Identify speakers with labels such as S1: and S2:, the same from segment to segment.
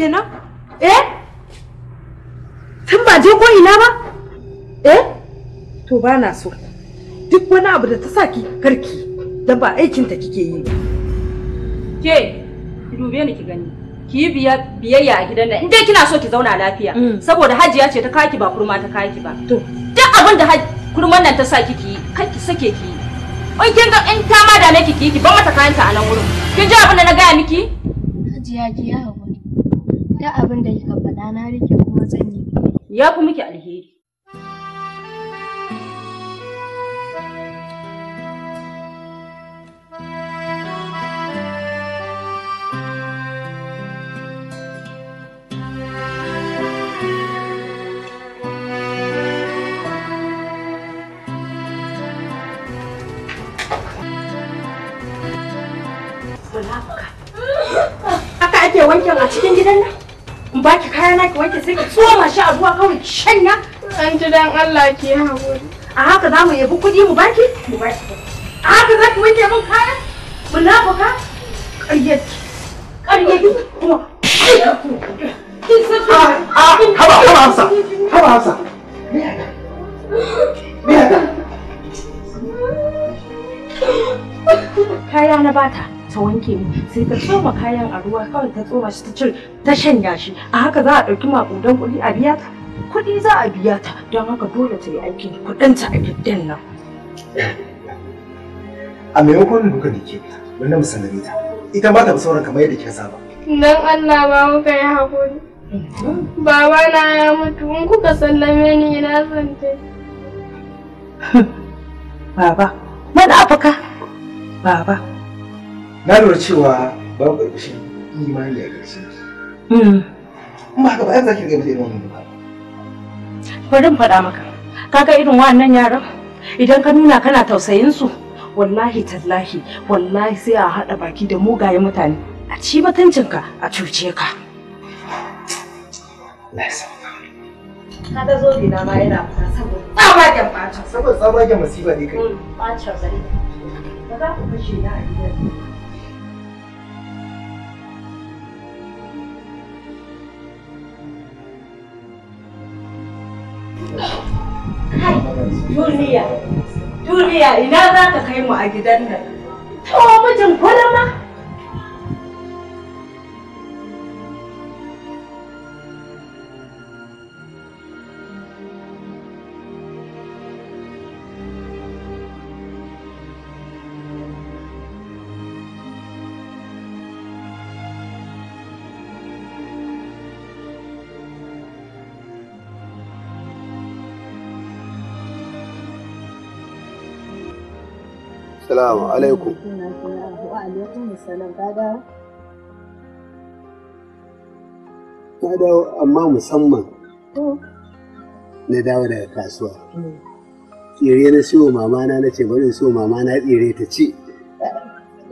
S1: kenan eh tun ba je ko ina ba eh to ba na so duk wani abu da ta sa ki karki da ba aikin ta kike yi ke
S2: ki dube ni ki gani ki yi biyayya a gidan nan in dai kina
S1: so ki zauna lafiya mm. saboda hajiya ce ta kaki ba kurma ta kaki ba to duk abin da kurman nan ta sa kiki yi kai ki sake ki yi in kin ga in ta ma da nake ki ki ban mata kayanta a
S2: nan wurin kin ji abin da na gaya miki
S3: hajiya ki yawo duk abin da kika faɗa na rike kuma zan yi ya fi muke alheri
S1: wankin a cikin gidan nan? in ba ki kaya na ki wanke sai ki tsoma shi a ruwa kawai shanya an ji dan Allah ki haƙuri a haka za mu yabi kuɗi mu baki mu baki a haka za ki wanke min kaya munafuka ƙaryaki ƙaryaki kuma haba haba hafsa haba hafsa me
S4: haka me haka
S1: kaya na bata ta wanke mu sai ta tsoma kayan a ruwa kawai ta tsoma shi ta cire ta shanya shi a haka za a ɗauki maƙudan kuɗi a biya ta kuɗi za a biya ta don haka dole ta yi aikin kuɗinta a
S3: gidan nan.
S5: a maimakon duka da ke wanda mu ta ita ma ta sauran kamar yadda kika saba.
S3: dan Allah ba muka yi haƙuri. Baba na ya mutu in kuka sallame ni ina zan
S1: Baba, mana afaka. Baba,
S5: na lura cewa babu ƙarƙashin imani a ƙarshen ki. Hmm. In ba haka ba ai za ki riga mata irin wannan ba.
S1: Bari in faɗa maka, kaga irin wannan yaran idan ka nuna kana tausayin su wallahi tallahi wallahi sai a haɗa baki da mugaye mutane a ci mutuncinka a cuce ka.
S6: Kaga zo na ma yana fita saboda
S1: tsabagen
S5: ɓacin. Saboda tsabagen masifa ne kai. Hmm,
S1: ɓacin zai. Ba za ku kashe na a gidan. Duniya, duniya ina za ka kai mu a gidan nan? To mijin kwalama.
S7: Assalamu alaikum. Na dawo amma musamman na dawo daga kasuwa. Tsire na siyo mamana na ce bari in siyo mamana tsire ta ce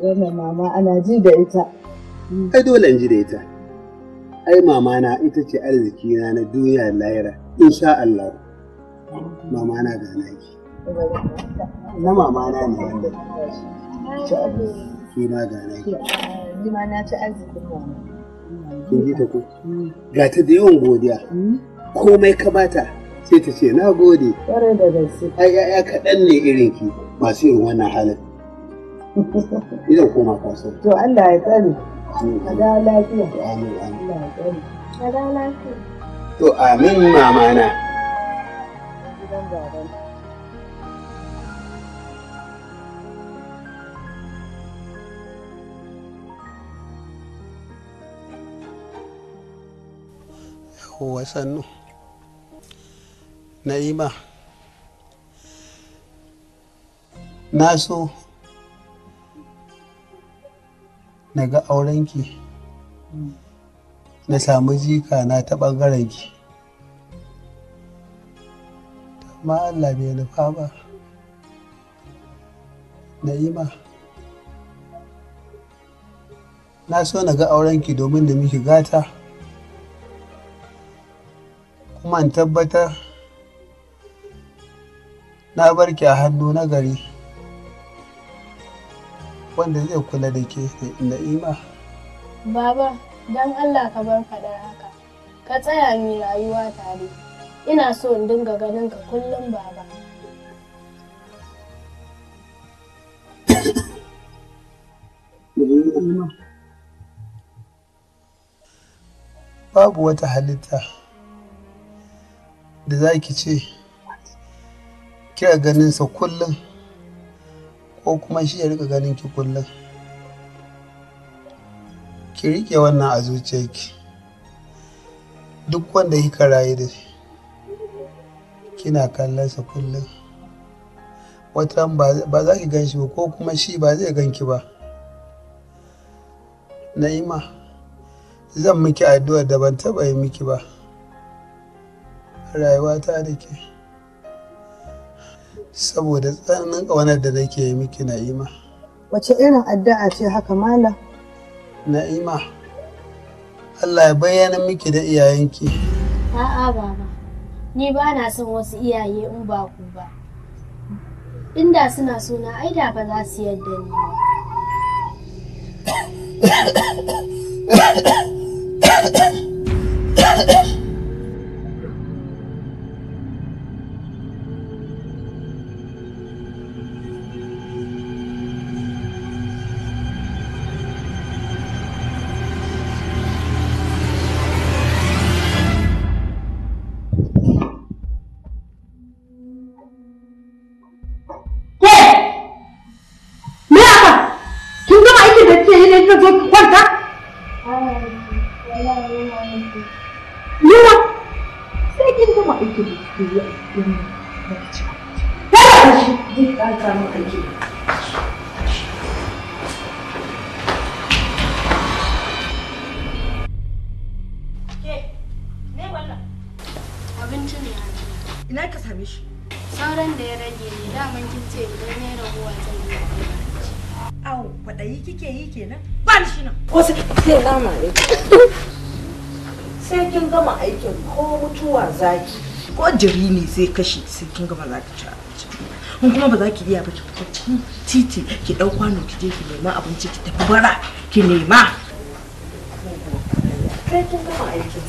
S6: Wannan mama
S7: ana ji da ita. Ai dole ji da ita. Ai mamana ita ce arziki na duniya lahira. Insha Allah. Mamana ga naki.
S6: na mamana ne wanda ci abu ke na ki ni ma na ci arzikin
S7: ko ga ta da yawan godiya komai ka bata sai ta ce na gode ƙwarai da ai ya kaɗan ne irin ki masu irin wannan halin idan koma
S6: kasuwa to Allah ya tsare ka da lafiya amin amin
S3: ka da lafiya
S7: to amin mama na wasannu sannu na'ima na so na ga aurenki na samu jika na ta ɓangarenki amma Allah bai nufa ba na'ima na so na ga aurenki domin da miki gata kuma in tabbatar na barki a hannu na gari wanda zai kula da ke da ima.
S3: Baba, don Allah ka bar faɗar haka, ka tsaya mai rayuwa tare. Ina so in dinga ganin ka kullum baba.
S7: Babu wata halitta. da za ki ce kira sa kullum ko kuma shi ya rika ganin ki kullum ki rike wannan a zuciyarki duk wanda kika rayu da shi kina sa kullum wata ba za ki gan shi ba ko kuma shi ba zai gan ki ba na'ima zan miki addu'ar da ban taba yi miki ba rayuwata da ke saboda tsananin ƙaunar da nake yi miki na'ima
S6: wace irin addu'a ce haka mala.
S7: na'ima Allah ya bayyana miki da iyayenki
S3: a'a baba ni ba na son wasu iyaye in ba ku ba inda suna suna ai da ba za su yarda
S4: ni ba
S1: aikin ko mutuwa zaki ko jiri ne zai kashe sai kin gama za ki ci abinci in kuma ba za ki iya ba ki fita titi ki ɗau kwano ki je ki nema abinci ki tafi bara ki nema
S6: kai kin gama aikin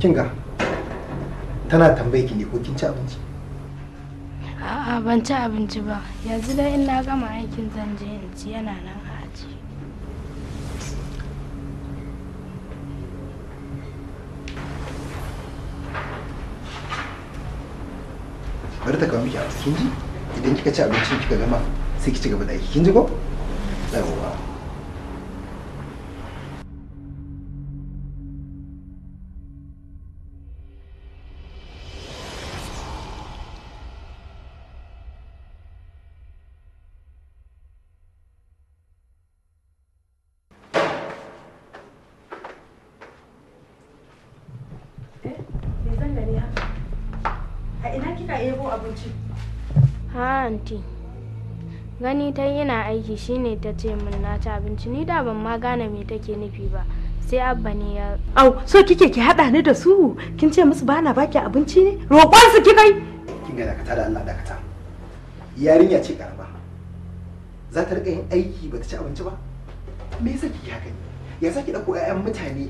S5: kin ga tana tambaye ki ne ko kin ci abinci
S3: a'a ban ci abinci ba yanzu dai in na gama aikin zan je in ci yana nan haji
S5: bari ta kawo miki a kin ji idan kika ci abincin kika gama sai ki ci gaba da aiki kin ji ko yawwa
S3: gani ta yana aiki shine ta ce min na ci abinci ni da ban ma gane me take nufi ba sai abba ne ya
S1: au so kike ki hada ni da su kin ce musu ba baki abinci ne roƙon su ki kai
S5: kin ga dakata da Allah dakata yarinya ce karba za ta rika yin aiki ba ta ci abinci ba me yasa kike haka ne ya za ki dauko ƴaƴan mutane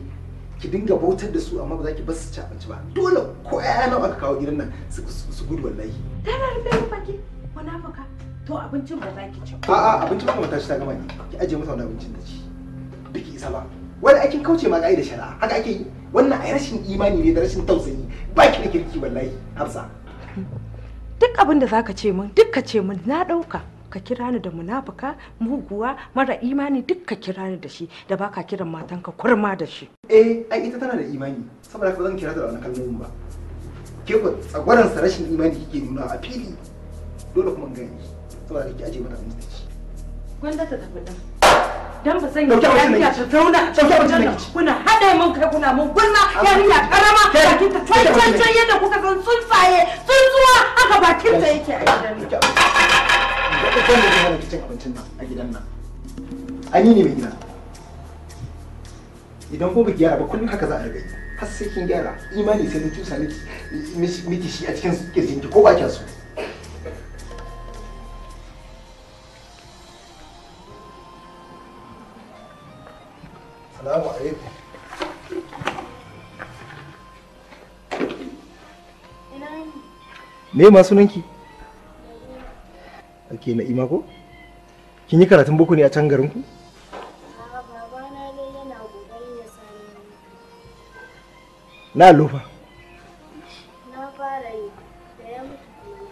S5: ki dinga bautar da su amma ba za ki basu ci abinci ba dole ko ƴaƴa nan aka kawo gidan nan su gudu wallahi tana rufe baki
S1: munafuka To abincin ba za ki
S5: ci. A'a abincin kuma ta ci ta gama ki aje masa wani abincin da ci. Biki isa ba. Wani aikin kauce ma ka'idar shari'a haka ake yi wannan ai rashin imani ne da rashin tausayi ba ki da kirki wallahi Hafsa.
S1: Duk abin da zaka ce min duk ka ce min na ɗauka. ka kira ni da munafuka muguwa mara imani duk ka kira ni da shi da baka kiran matanka kurma da shi
S5: eh ai ita tana da imani saboda ka zan kira ta da wani kalmomin ba ke ku tsagwaran rashin imani kike nuna a fili dole kuma in gani tsara da aje mana abin
S1: da ci dan ba zan yi ta zauna kuna haɗe mun kai kuna mun gulma yarinya ta yadda kuka san tsuntsaye tsuntsuwa haka bakin yake
S5: a gidan nan da abincin nan a gidan nan ne mai idan ko ba gyara ba kullum haka za a har sai kin gyara imani sai mun cusa miki shi a cikin kirjinki ko ba su.
S7: السلام عليكم
S5: Me ma sunanki? Ake ima ko? Kin yi karatun boko ne a can garinku? garin ku? Na lofa. Na fara yi da ya mutu kuma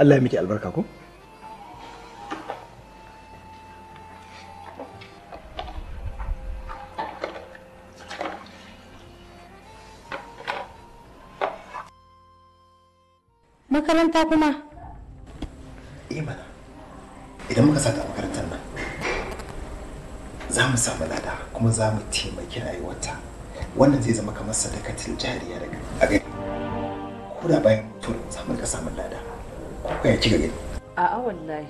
S5: Allah ya miki albarka ko? makaranta kuma? Eh mana, idan muka sata makarantar nan, za mu samu lada kuma za mu taimaki rayuwarta. Wannan zai zama kamar sadakatin jariya daga a gari. Ko da bayan mutuwar za mu rika samun lada. Ko ya ci gani?
S1: A'a wallahi.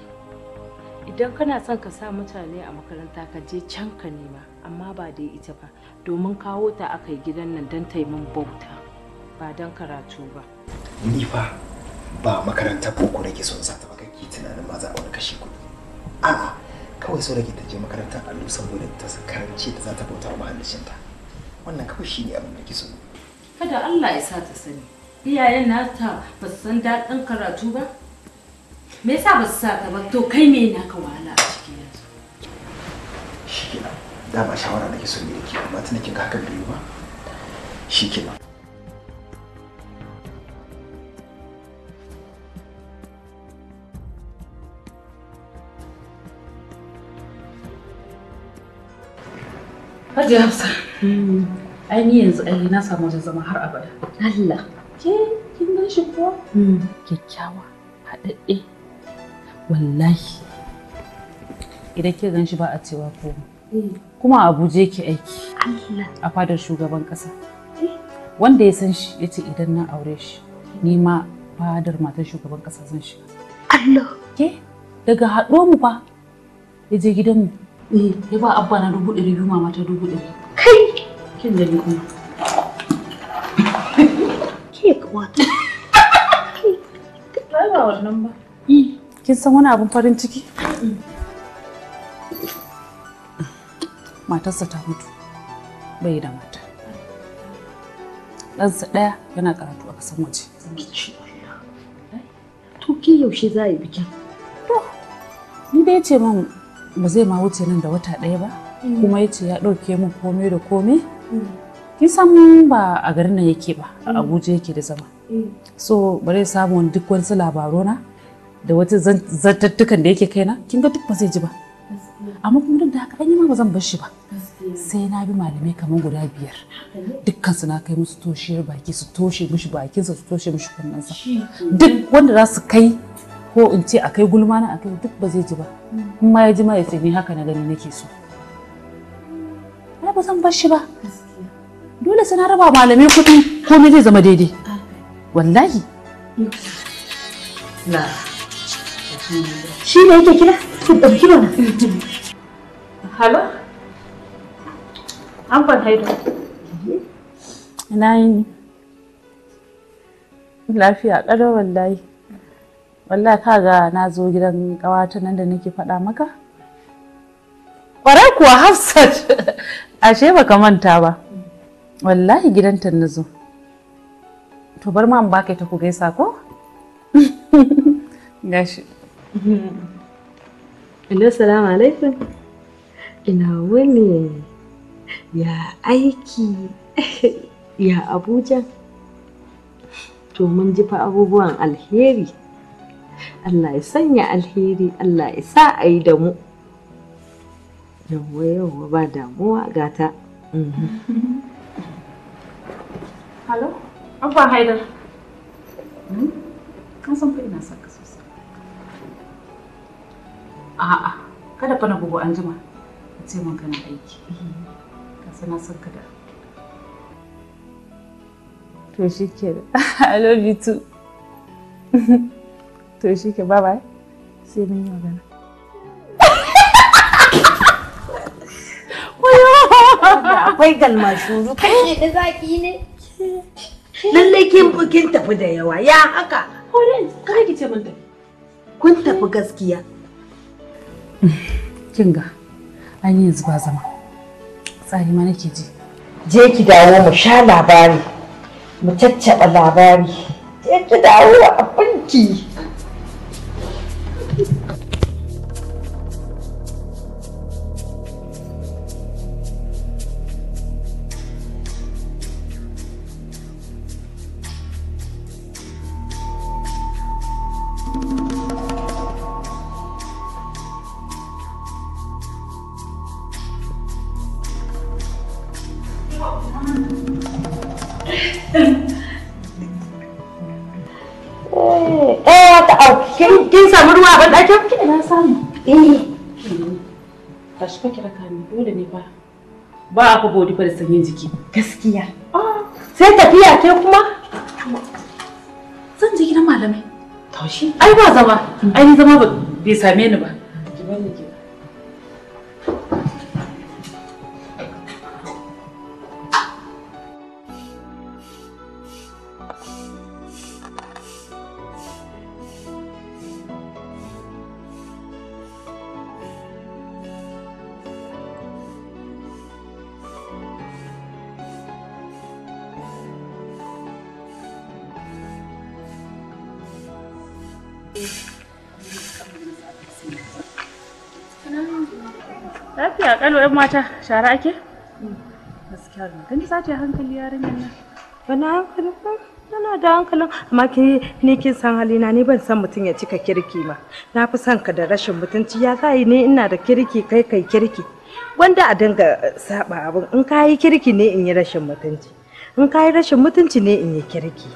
S1: Idan kana son ka sa mutane a makaranta ka je can ka nema, amma ba dai ita ba, domin kawo ta aka yi gidan nan don taimun bauta, ba don karatu ba.
S5: Ni fa ba makaranta boko nake son sa ta ba kake tunanin ma za a wani kashe kuɗi a'a kawai so nake ta je makaranta allo saboda ta karanci da za ta bautar ma ta wannan kawai shine abin da ke so
S1: kada Allah ya sa ta sani iyayen nata ba su san daɗin karatu ba me yasa ba su sa ta ba to kai me ka wahala a ciki yanzu
S5: da dama shawara nake so ne da ke amma tun kin ga hakan bai yi ba shikenan
S4: Hajji Hafsa.
S2: Ai ni yanzu ai na samu wajen zama har abada. Allah. Ke kin gan shi hmm. Kyakkyawa, haɗaɗɗe. Wallahi. Idan ke gan shi ba a cewa ko. Eh. Kuma a Abuja yake aiki. Allah. A fadar shugaban ƙasa. Eh. Wanda ya san shi ya ce idan na aure shi, ni ma fadar matar shugaban ƙasa zan shiga. Allah. Ke daga haɗo mu ba ya je mu. Eh, ya ba abba na dubu ɗari biyu mama ta dubu ɗari. Kai! Kin kuma. Ke Ba ba wannan ba. Eh, kin san wani abin farin ciki? Matarsa ta mutu. Bai da mata. Ɗansa ɗaya yana karatu a ƙasar waje. To ke yaushe za a yi bikin? To, ni dai ce min ba zai ma wuce nan da wata ɗaya ba mm. kuma yace ya ɗauke mu komai da komai mm. kin san ba a garin nan yake ba a mm. abuja yake da zama so bare samun duk wasu na. da wata zantattukan da yake kaina kin ga duk ba zai ji ba amma kuma duk da haka ma ba zan bar shi ba sai na bi malamai kamar guda biyar dukkan su na kai musu toshe baki su toshe mushi bakinsa su toshe kunnan kunnensa duk wanda za su kai ko in ce akai gulma na akai duk ba zai ji ba in ma ya ji ma ya tsini haka na gani nake so ai ba zan bar shi ba dole sai na raba malamai kuɗi komai zai zama daidai wallahi na shi ne yake kira ku ɗauki mana halo an ban haido ina yini lafiya ƙarar wallahi wallahi kaga na zo gidan kawata nan da nake faɗa maka kwarai kuwa hafsat ashe baka manta ba wallahi gidanta na zo to bar ma baka ta ku gaisa ko gashi
S1: Hello, salamu alaikum. Ina wani Ya aiki. ya Abuja. To mun ji fa abubuwan alheri. Allah ya sanya alheri Allah ya sa a yi da mu yawwa yawwa ba damuwa gata mhm.
S2: halo abba haidar hmm? an san fa ina son ka sosai a'a kada fa na bugu an jima a ce mun kana aiki ka sana son ka da to shi kenan i love you too to shi ke bye bye sai mun yi
S1: magana akwai shuru. kai ne
S3: da zaki ne lallai kin
S1: kin tafi da yawa ya haka kore kada ki ce mun tafi kun tafi gaskiya kin ga an yi yanzu ba zama
S2: tsari ma nake ji
S1: je ki dawo mu sha labari mu caccaba labari je ki dawo a banki eh ta kin kin samu ruwa ban dakin
S2: ki na samu eh tashi fa kira ka ni dole ne ba ba a fa body fa da sanyin jiki gaskiya Ah, sai tafiya ke kuma zan je gidan malamai tashi ai ba zama ai ni zama ba. bai same ni ba mata shara ake? Hmm, gaskiya da gani za ta hankali yarinyar nan.
S1: Bana hankali ba? Tana da hankalin amma ke ni kin san halina ni ban san mutum ya cika kirki ma. Na fi son ka da rashin mutunci ya za ne ina da kirki kai kai kirki. Wanda a dinga saba abin in ka yi kirki ne in yi rashin mutunci. In ka yi rashin mutunci ne in yi kirki.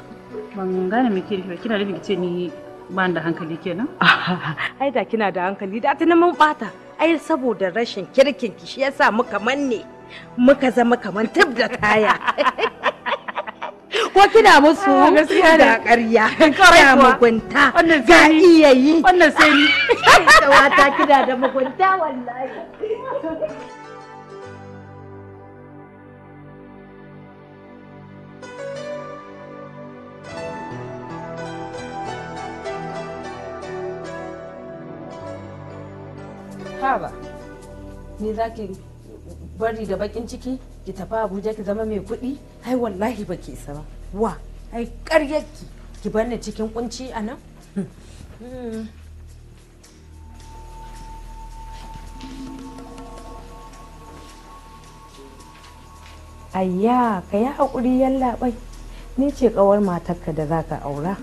S1: Ban gane mai kirki ba kina da ce ni ban da hankali kenan? Ai da kina da hankali da tunan mun bata. ai saboda rashin kirkin ki shi yasa muka manne muka zama kaman tab da kaya ko kina musu ah, gaskiya da ƙarya kina mugunta ga iyayi wannan sai ni tawata
S4: kina da mugunta
S3: wallahi
S1: ni za ki bari da bakin ciki ki tafi abuja ki zama mai kuɗi ai wallahi ba ki isa ba wa ai karyarki ki bar ni cikin kunci a nan hmm. ayya ka yi haƙuri yallaɓai ni ce ƙawar matarka da za ka aura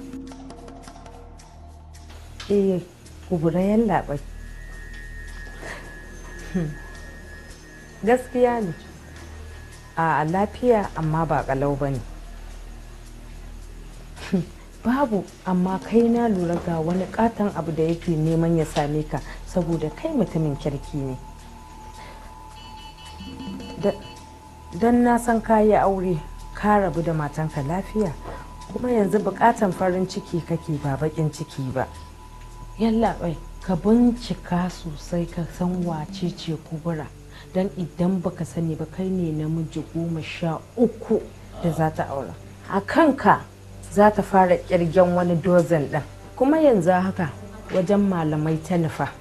S1: eh kubura yallaɓai hmm. gaskiya ne a lafiya amma ba kalau ba ne babu amma kai na lura ga wani katon abu da yake neman ya same ka saboda kai mutumin kirki ne don na san kayi aure ka rabu da matanka lafiya kuma yanzu bukatan farin ciki kake ba bakin ciki ba yalla bai ka bincika sosai ka san wace ce kubura don idan baka sani ba kai ne namiji goma sha uku da za ta aura a kanka za ta fara kirgen wani dozin ɗan. kuma yanzu haka wajen malamai ta nufa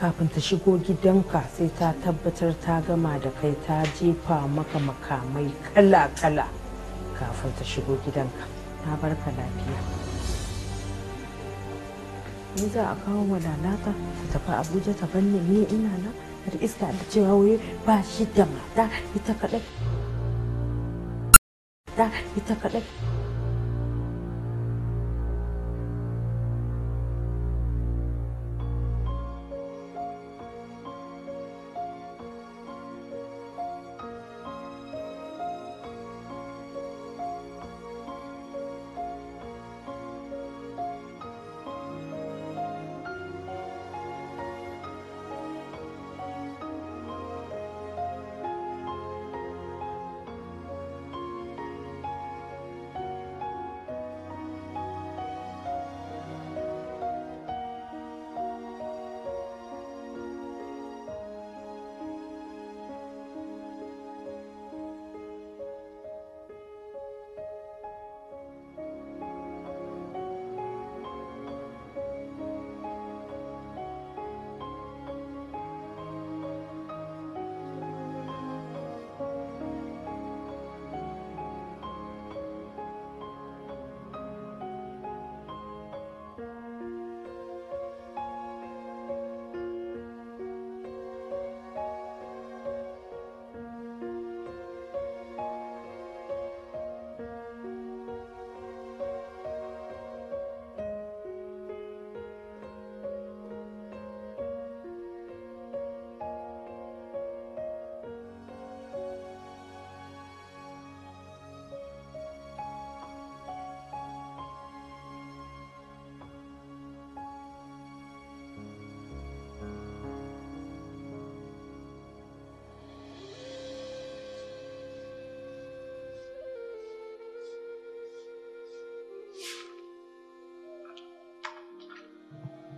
S1: kafin ta shigo gidanka sai ta tabbatar ta gama da kai ta jefa maka makamai kala-kala kafin ta shigo gidanka na barka lafiya ni za a kawo wa lalata ta tafi abuja ta banne ni ina nan da iska da cewa wuri ba shi da mata ita kaɗai. ita kaɗai.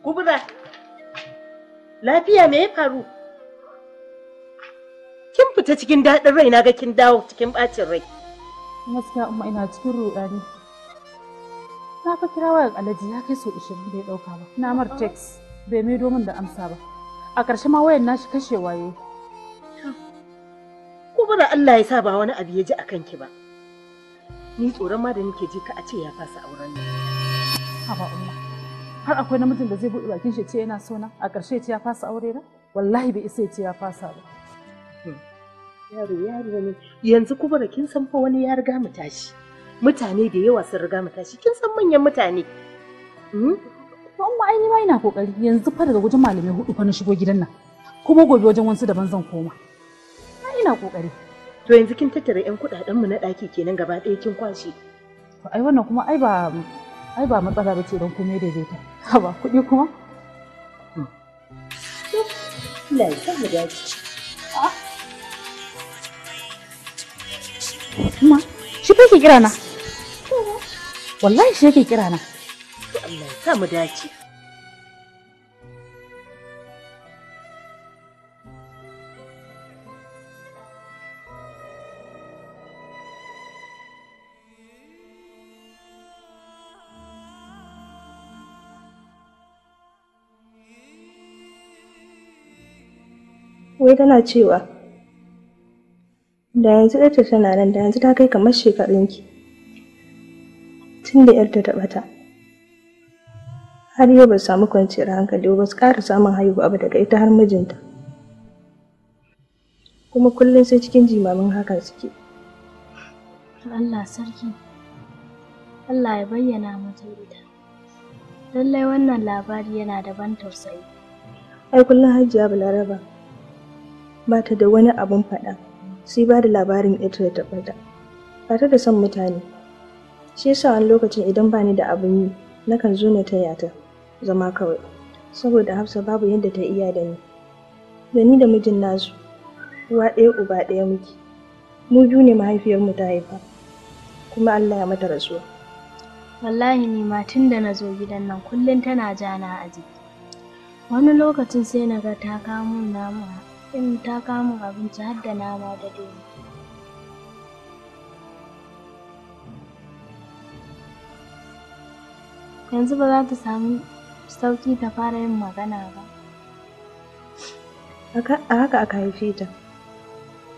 S6: Kubura, lafiya me ya faru? Kin fita cikin daɗin rai na ga kin
S1: dawo cikin ɓacin rai.
S2: Maska umma ina cikin rudani. Na fa kira wayar alaji ya kai so ishirin bai ɗauka ba. Na mar text bai mai domin da amsa ba.
S1: A ƙarshe ma wayar nashi kashe waye. Kubura Allah ya sa ba wani abu ya ji a kanki ba. Ni tsoron ma da nake ji ka a ce ya fasa auren nan. Haba Allah.
S2: har akwai namijin da zai buɗe bakin shi ce yana sona a ƙarshe ce ya fasa
S1: aure na wallahi bai isa ce ya fasa ba
S6: hmm. yaro yaro ne
S1: yanzu kuma da kin san fa wani ya riga mu tashi mutane da yawa sun riga mu tashi kin san manyan mutane
S2: hmm? amma ai ni ma ina kokari yanzu fa daga wajen malamai hudu fa na shigo gidan nan kuma gobe wajen wansu daban zan koma
S1: ina kokari to yanzu kin tattara yan kudaden mu na daki kenan gaba ɗaya kin kwashe ai wannan kuma ai ba ai ba matsala bace dan komai daidaita Haba kuɗi kuma?
S2: Allah ya san da dace. Ma, shi fa ke kira na? Wallahi shi yake kira na.
S1: Allah ya sa mu dace.
S8: wai tana cewa da yanzu ɗarta tana nan da yanzu ta kai kamar shekarunki tun da ‘yarta ta ɓata har yau ba samu kwanciyar hankali ba su ƙara samun haihuwa ba daga ita har mijinta kuma kullum sai cikin jimamin hakan suke
S3: Allah sarki Allah ya bayyana mata ita lallai wannan labari yana da ban tausayi
S8: ai kullum hajiya balaraba ba ta da wani abun faɗa sai ba da labarin ita da tabbata. ba ta da son mutane shi yasa wani lokacin idan ba ni da abin yi nakan zo na taya ta zama kawai saboda hafsa babu yadda ta iya da ni da ni da mijin nasu uwa ɗaya uba ɗaya muke mu biyu ne mahaifiyarmu ta haifa kuma allah ya mata rasuwa wallahi
S3: ni ma tun da na zo gidan nan kullum tana jana a jiki wani lokacin sai na ga ta mun namu ɗin ta kama abinci har da nama da doya. Yanzu ba za ta samu sauƙi ta fara yin magana ba.
S8: A haka aka haife ta,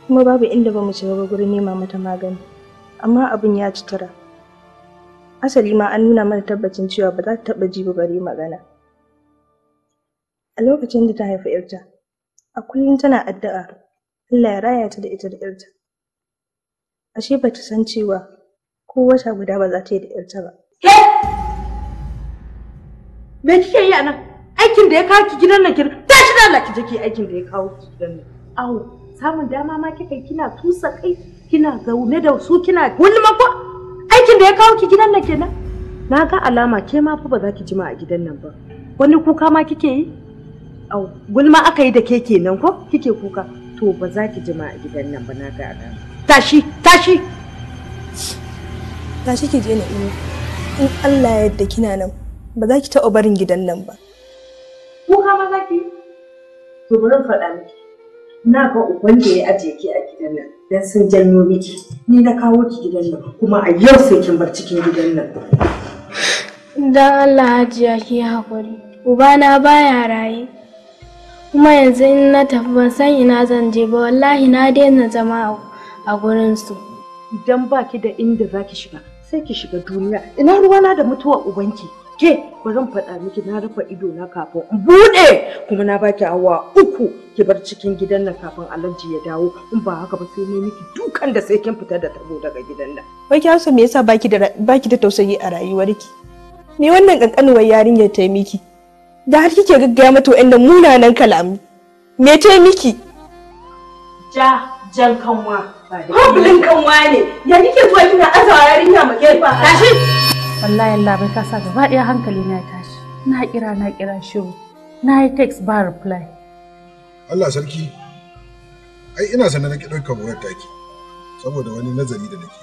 S8: kuma babu inda ba mu shiga ba gurin nema mata magani, amma abin ya ci tura. Asali ma an nuna mana tabbacin cewa ba za ta taɓa ji ba bare magana. A lokacin da ta haifi 'yarta, a kullum tana addu'a Allah ya raya ta da ita da ‘yarta. Ashe ba ta san cewa ko wata guda ba za ta yi da ‘yarta ba. Ke! Me kike yi anan Aikin da ya kawo ki gidan nan kin
S1: tashi da Allah ki je ki aikin da ya kawo ki gidan nan. Awo, samun dama ma kika kina tusa kai kina zaune da su kina gulma ko aikin da ya kawo ki gidan nan kenan. Na ga alama ke ma fa ba za ki jima a gidan nan ba. Wani kuka ma kike yi? Au, gulma aka yi da ke kenan ko kike kuka? To ba za ki jima a gidan nan ba na ga
S8: Tashi, tashi. Tashi ki je na iyo. In Allah ya yarda kina nan, ba za ki taɓa barin gidan nan ba. Kuka ma za ki? To bari faɗa miki. Na ga uban da ya ajiye ki a gidan nan dan
S1: sun janyo miki.
S8: Ni na kawo ki gidan nan
S1: kuma a yau sai kin bar cikin gidan nan.
S3: Dan Allah ajiya ki haƙuri. Ubana baya raye. kuma yanzu in na tafi ban san ina zan je ba wallahi na daina zama a gurin su idan baki da inda zaki shiga sai ki shiga duniya ina ruwa na da mutuwar
S1: ubanki ke zan faɗa miki na rufe ido na kafin in buɗe kuma na baki awa uku ki bar cikin gidan nan kafin alhaji ya dawo in ba haka ba sai ne miki dukan da sai kin fita da tabo daga gidan nan
S8: wai ki me yasa baki da baki da tausayi a rayuwarki me wannan kankanuwar yarinyar ta miki da har kike gaggaya mata wa'annan munanan kalami me ta miki
S1: ja jan kanwa hobbin kanwa ne ya kike zuwa kina azawa yarinya mu gefa tashi wallahi Allah bai
S2: kasa gaba ɗaya hankali na tashi na kira na kira shiru na yi text ba reply
S7: Allah sarki ai ina sanar da ki ɗaukar wayar taki saboda wani nazari da nake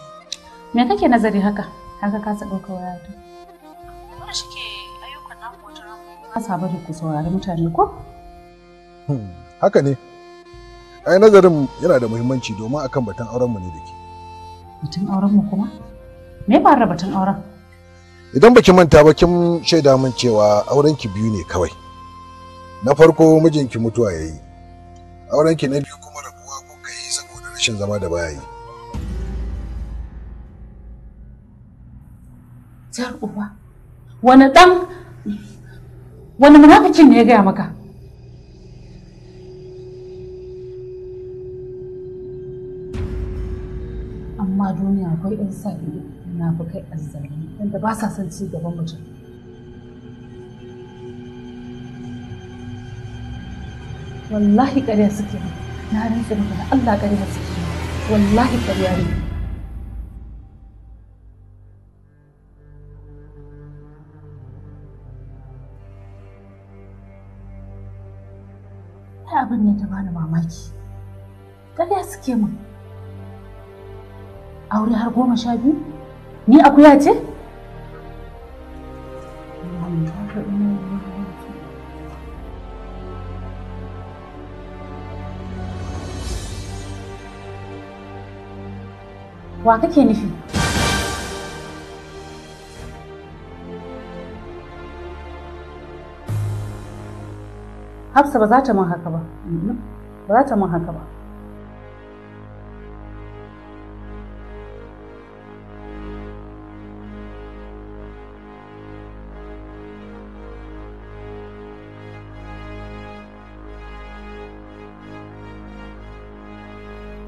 S2: me kake nazari haka haka ka sa ɗaukar wayar ta ke kasa bari ku saurari mutane ko?
S7: Hmm, haka ne. Ai nazarin yana da muhimmanci domin akan batun aurenmu ne da ke.
S2: Batun aurenmu kuma? Me ba ra batun auren?
S7: Idan baki manta ba kin shaida min cewa aurenki biyu ne kawai. Na farko mijinki mutuwa yayi. Aurenki na biyu kuma rabuwa ko kai saboda rashin zama da baya yi.
S2: Jar uba, wani ɗan wani munafikin ne ya gaya maka amma duniya akwai 'yan sa ido kai azzalami wanda ba sa son ci gaban mutum wallahi ƙarya suke na rinsa maka da Allah ƙarya suke wallahi ƙarya ne Wani abin ne ta bani mamaki. kada suke min. Aure har goma sha biyu? Ni akuya ce? Wa kake nufi? Hafsa ba za ta man haka ba. Ba za ta man haka ba.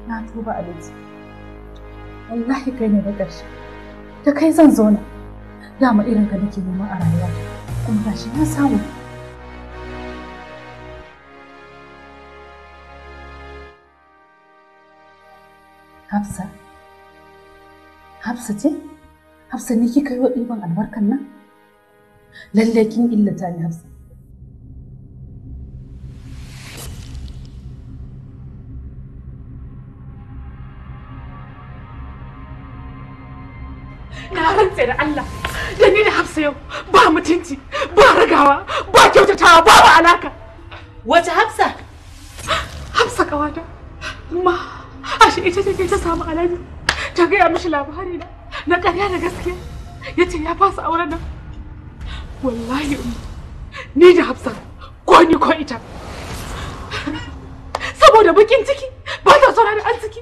S2: Na tuba Alhaji. Wallahi kai ne na ƙarshe. Ta kai zan zauna. Dama irin ka nake neman a rayuwa. Kuma gashi na samu. Hafsa. Hafsa ce? Hafsa ne kika yi wa ɗiban albarkan nan? Lallai kin illata ni Hafsa. Na rantse da Allah, da ni da Hafsa yau ba mutunci, ba ragawa, ba kyautatawa, ba alaka. Wace Hafsa? Hafsa kawata. Ma. ashe ita ce ta samu alami ta gaya mishi labari na na ƙarya da gaskiya ya ce ya fasa auren nan wallahi ni da hafsa ko ni ko ita saboda bakin ciki ba ta so da arziki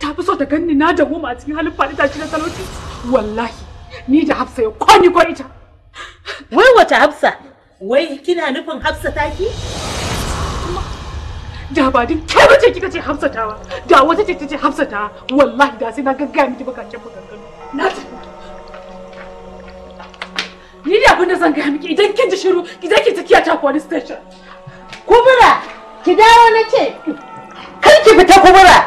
S2: ta fi so ta ganni na da goma a cikin halin faɗi shi na talauci wallahi ni da hafsa ya ko ni ko ita wai wata hafsa wai kina nufin hafsa taki da ba duk kai bace kika ce hamsatawa da wata ce ce hamsatawa wallahi da sai na gaggaya miki bakakken maganganu na ta ni da abin da zan gaya miki idan kin ji shiru idan kin tafiya ta police station kubura
S1: ki dawo na ce kai ki fita kubura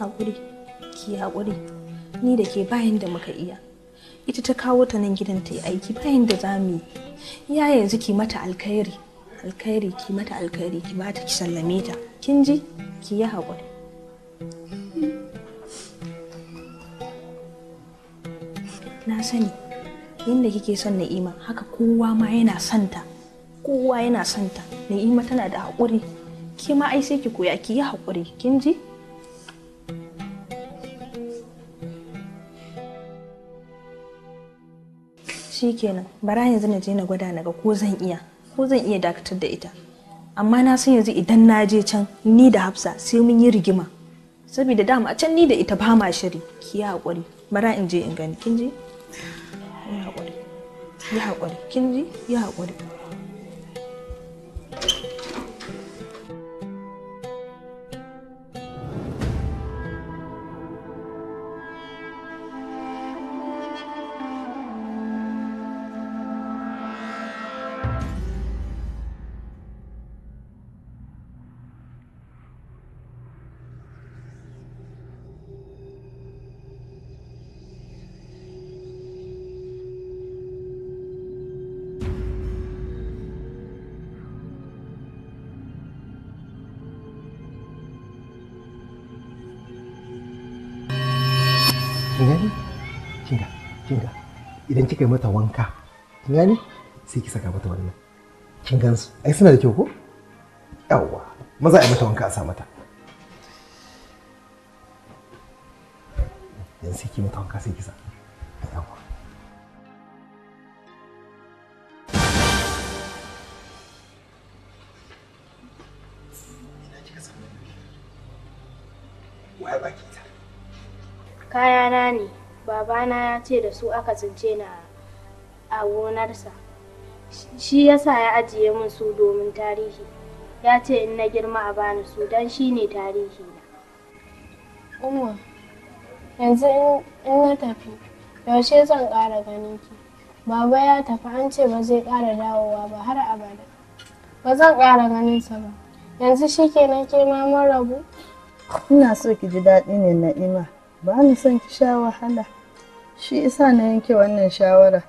S8: Haƙuri, ki haƙuri. ni da ke bayan da muka iya ita ta kawo ta nan gidan ta yi aiki bayan da za mu yi ya yanzu ki mata alkhairi alkhairi ki mata alkhairi ki ba ta ki sallame ta kin ji ki yi haƙuri na sani yadda kike son na'ima haka kowa ma yana son ta kowa yana son ta na'ima tana da haƙuri ki ma ai sai ki koya ki yi haƙuri kin ji kenan bara yanzu na je na gwada na ga ko zan iya ko zan iya dakatar da ita amma na san yanzu idan na je can ni da hafsa sai mun yi rigima saboda dama a can ni da ita ba ma shiri ki yi haƙuri bara in je in gani kin ji ya haƙuri ya haƙuri kin ji ya haƙuri
S5: kika yi mata wanka kin gani sai ki saka mata wannan kin gansu ai suna da kyau ko yawwa maza a yi mata wanka a sa mata yanzu sai ki mata wanka sai ki sa yawwa
S3: kayana ne babana ya ce da su aka tsince na a gonarsa shi ya sa ya ajiye min su domin tarihi ya ce in na girma a bani su don shi ne tarihi na umar yanzu in na tafi yaushe zan ƙara ganin ki baba ya tafi an ce ba zai ƙara dawowa ba har abada ba zan ƙara sa ba yanzu shi ke na ke rabu
S6: ina so ki ji daɗi ne na'ima ba ni son ki sha wahala shi isa na yanke wannan shawara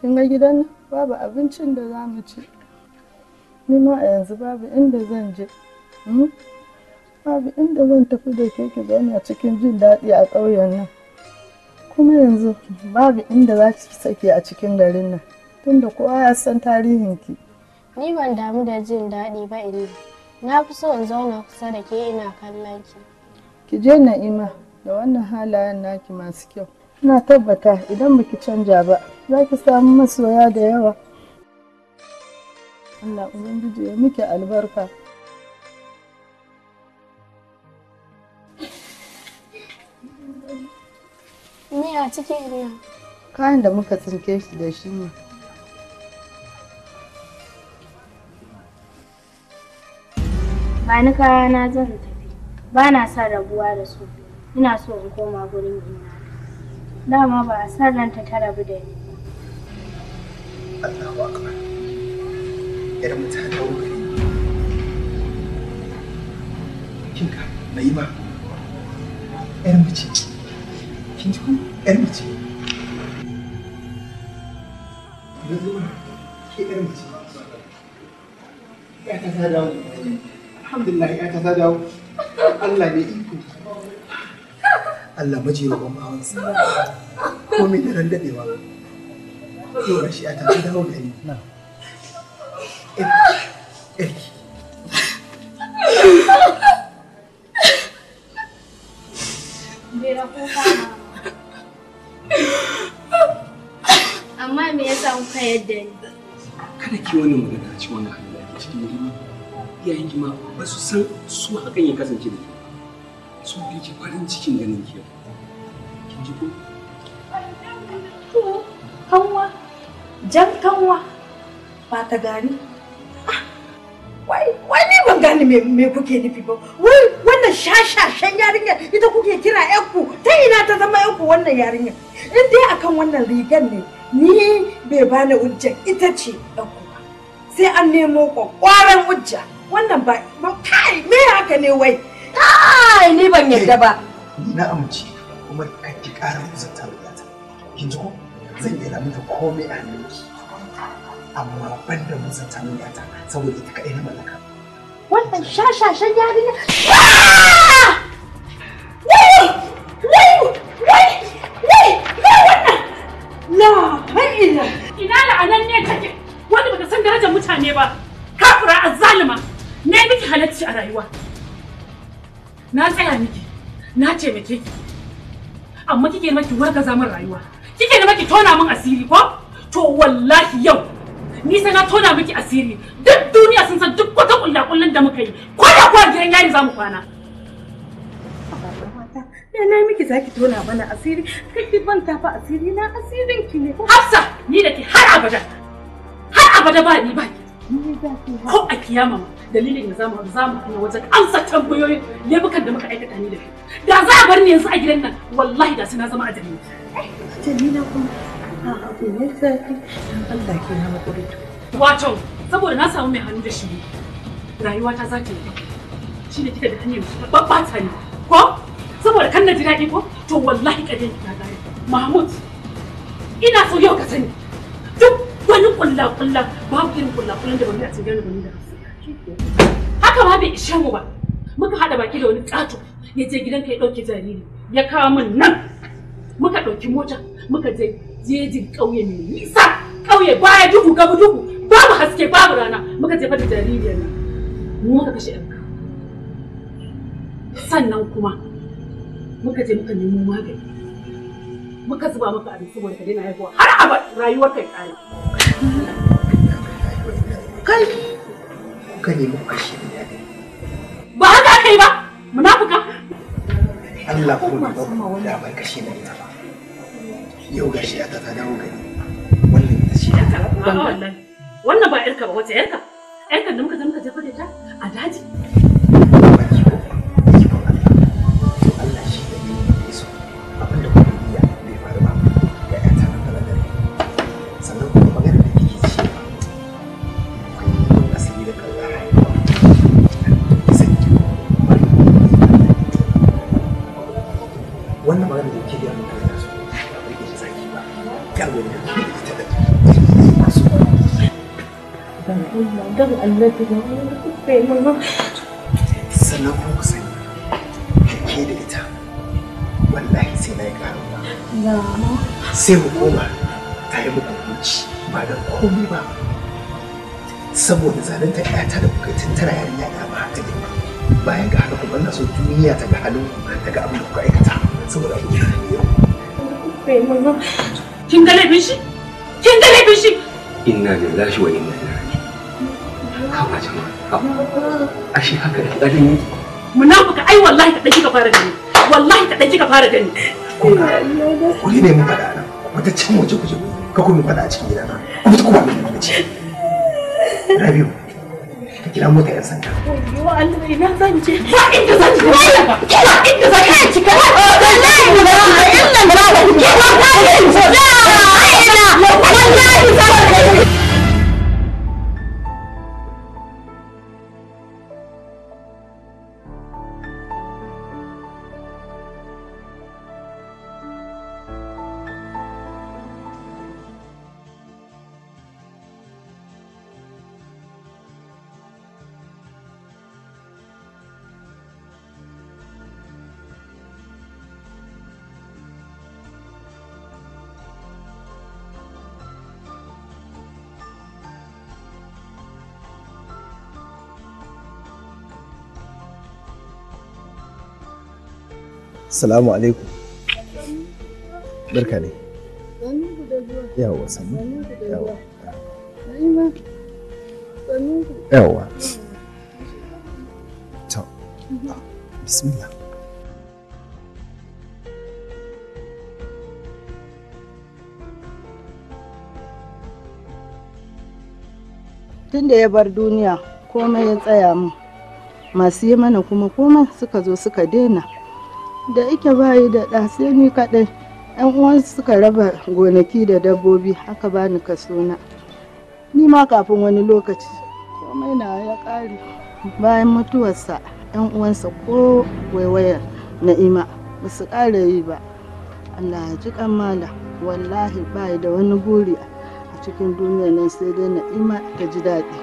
S6: kin ga gidan nan babu abincin da za mu ci ni ma a yanzu babu inda zan je hmm? babu inda zan tafi da ke ki zauna cikin jin daɗi a ƙauyen nan kuma yanzu babu inda za ki sake a cikin garin nan tunda kowa ya san tarihin ki.
S3: ni ban damu da jin daɗi ba ina na fi so in zauna kusa da ke ina kallon ki
S6: ki je na'ima
S3: da wannan halayen
S6: naki masu kyau Ina tabbata idan baki canja ba za ki samu masoya da yawa. Allah Ubangiji ya muke albarka.
S3: Me a cikin ina?
S6: Kayan da muka tsinke shi da shi ne.
S3: Ba ni kayana zan tafi. Ba na son rabuwa da su. Ina so in koma gurin ina. Dama ba a san ranta ta rabu da ni.
S5: Allahu akbar. Yar mai ba. Yar mace. Kin ji Yar mace. Yanzu ke yar mace. Ya ta Alhamdulillah ya ta Allah ne iko. Allah maji ya roƙon bawansa komai da ran dadewa yau gashi a tafi dawo da ni
S6: Eki.
S3: Amma me yasa kuka yadda ni?
S5: Kada ki wani magana a cikin wannan halin da ake cikin hidima. Iyayen ki ma ba su san su hakan ya kasance da Ki farin cikin ganin ki kin ji
S1: ko kanwa jan kanwa ba ta gari ah, wai ni ban gane me kuke nufi ba wai wannan shashashen yarinya ita kuke kira yanku ta ina ta zama yanku wannan yarinya in dai akan wannan rigan ne ni bai bani hujja ita ce yanku sai an nemo kwakwaran hujja wannan ba kai me haka ne wai Kai ni ban yarda ba.
S5: Ni na amince kuma ka ki ƙara kuzanta ta. Kin ko? Zan iya da mata komai a hannunki. Amma ban da kuzanta ta saboda ita kaɗai na mallaka.
S1: Wannan shashashan yarinya. Ah! wani Wai! Wai! Wai! Wai wannan! La ha'ila. Ina ne
S2: take. Wani baka san darajar mutane ba. Kafira azzalima. Ne miki halacci a rayuwa. na tsaya miki na taimake ki amma kike maki wargaza min rayuwa kike ne maki tona min asiri ko to wallahi yau ni sai na tona miki asiri duk duniya sun san duk wata kullakullan da muka yi ko da kuwa gidan yayi zamu
S1: kwana
S8: Ya na miki zaki tona mana
S2: asiri, kike ban fa asiri na asirin ki ne. Hafsa, ni da ki har abada. Har abada ba ni ba ki. Ko a kiyama dalilin da zamu za mu haɗu wajen amsa tambayoyin lebukan da muka aikata ni da Da za a bar ni yanzu a gidan nan wallahi da na zama a jami'a.
S8: Jamila kuma a abu ne zafi don Allah ke na makuri
S2: Wato saboda na samu mai hannu da shi rayuwata za ta yi shi ne kika da hanyar ta ne ko saboda kan na ji daɗi ko to wallahi kadai ki ta gaya Mahmud ina so yau ka sani wani kulla kulla babu irin kulla kulla da bani a cikin bani da haka ma bai ishe mu ba muka hada baki da wani kato ya je gidanka ya dauke jariri ya kawo min nan muka dauki mota muka je jejin kauye mai nisa kauye baya duhu gabu duhu babu haske babu rana muka jefa da jaririyar nan mu muka kashe ɗanka sannan kuma muka je muka nemo magani muka zuba maka abin saboda ka daina haihuwa har abad rayuwar kai tsari
S5: kai ka nemi kashi ba haka aka ba munafuka Allah kuma ba ku da bai kashi da ba yau gashi a ta dawo gari wannan ita ce
S2: wannan ba yarka ba wace yarka yarka da muka je jefa da ta a daji
S1: don annabi ba mama
S5: sannan kuma ku sani ke da ita wallahi sai na yi karin
S4: ba
S5: sai hukuma ta yi muku hukunci ba da komai ba saboda zalunta ƴata da bukatun tana yarinya da ba haka ne bayan ga halaku na so duniya ta ga halin ta ga abin da kuka aikata saboda abin
S2: yi mama kin ga laifin kin
S5: inna lillahi wa inna ilaihi bace ashe haka da
S2: ai wallahi ka ka fara gani wallahi ka ka fara gani kuri ne mun fada
S5: nan wata can waje kuje ka kuma fada a cikin gidana ku fita ku ba mun mace rabiu ka kira mota yan sanda
S1: wa Allah ina zan
S5: je ba inda zan je kila inda zan je cika wallahi ina nan ba ina ba ina ba ina ba Salamu alaikum. Barka ne.
S6: Yawa sani. Yawa.
S5: Yawa. To. Bismillah.
S6: Tun da ya bar duniya komai ya tsaya mu masu yi mana kuma komai suka zo suka daina. da ike bayi da ɗa sai ni kaɗai yan uwansu suka raba gonaki da dabbobi haka bani kasona ni ma kafin wani lokaci komai na ya ƙare bayan mutuwarsa yan uwansa ko waiwayar na'ima ba su ƙara yi ba allah ya ji kamala wallahi bayi da wani buri a cikin duniya nan sai dai na'ima ta ji daɗi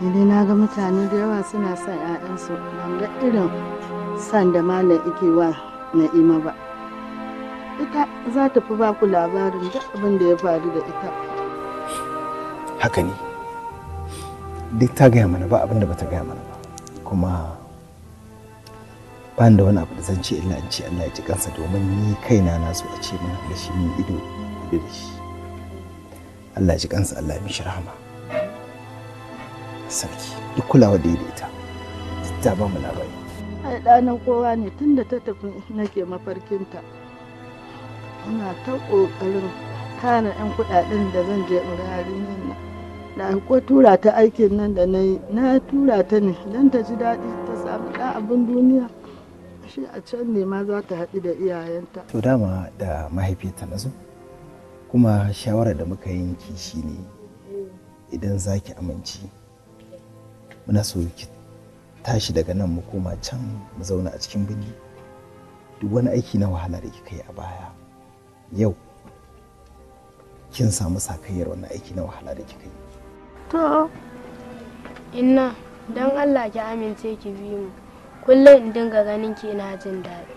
S6: ni na ga mutane da yawa suna sa 'ya'yansu ban ga irin san da malam yake wa na'ima ba ita za ta fi ba ku labarin duk abin da ya faru da ita
S5: haka ne duk ta gaya mana ba abin da bata gaya mana ba kuma ba da wani abu da zan ce illa in ce Allah ya ji kansa domin ni kaina na so a ce mana da shi ni ido da shi Allah ya ji kansa Allah ya mishi rahama sarki duk kulawa da ya da ita ta ba mu labari
S6: ai ɗanan kowa ne tun da ta tafi nake mafarkinta ina ta ƙoƙarin kana 'yan kuɗaɗen da zan je in yarinyar nan na ko tura ta aikin nan da na yi na tura ta ne don ta ji daɗi ta samu ɗan abin duniya shi a can ne ma za ta haɗu da iyayenta
S5: to dama da mahaifiyarta na kuma shawarar da muka yanki shine idan za ki amince muna so ki tashi daga nan mu koma can mu zauna a cikin birni duk wani aiki na wahala da kika yi a baya yau kin samu sakayyar wannan aiki na wahala da kika yi
S3: to inna don allah ki amince ki bi mu kullum in dinga ganin ki ina jin daɗi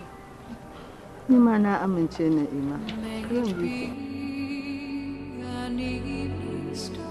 S6: ni ma na amince na ima
S3: bi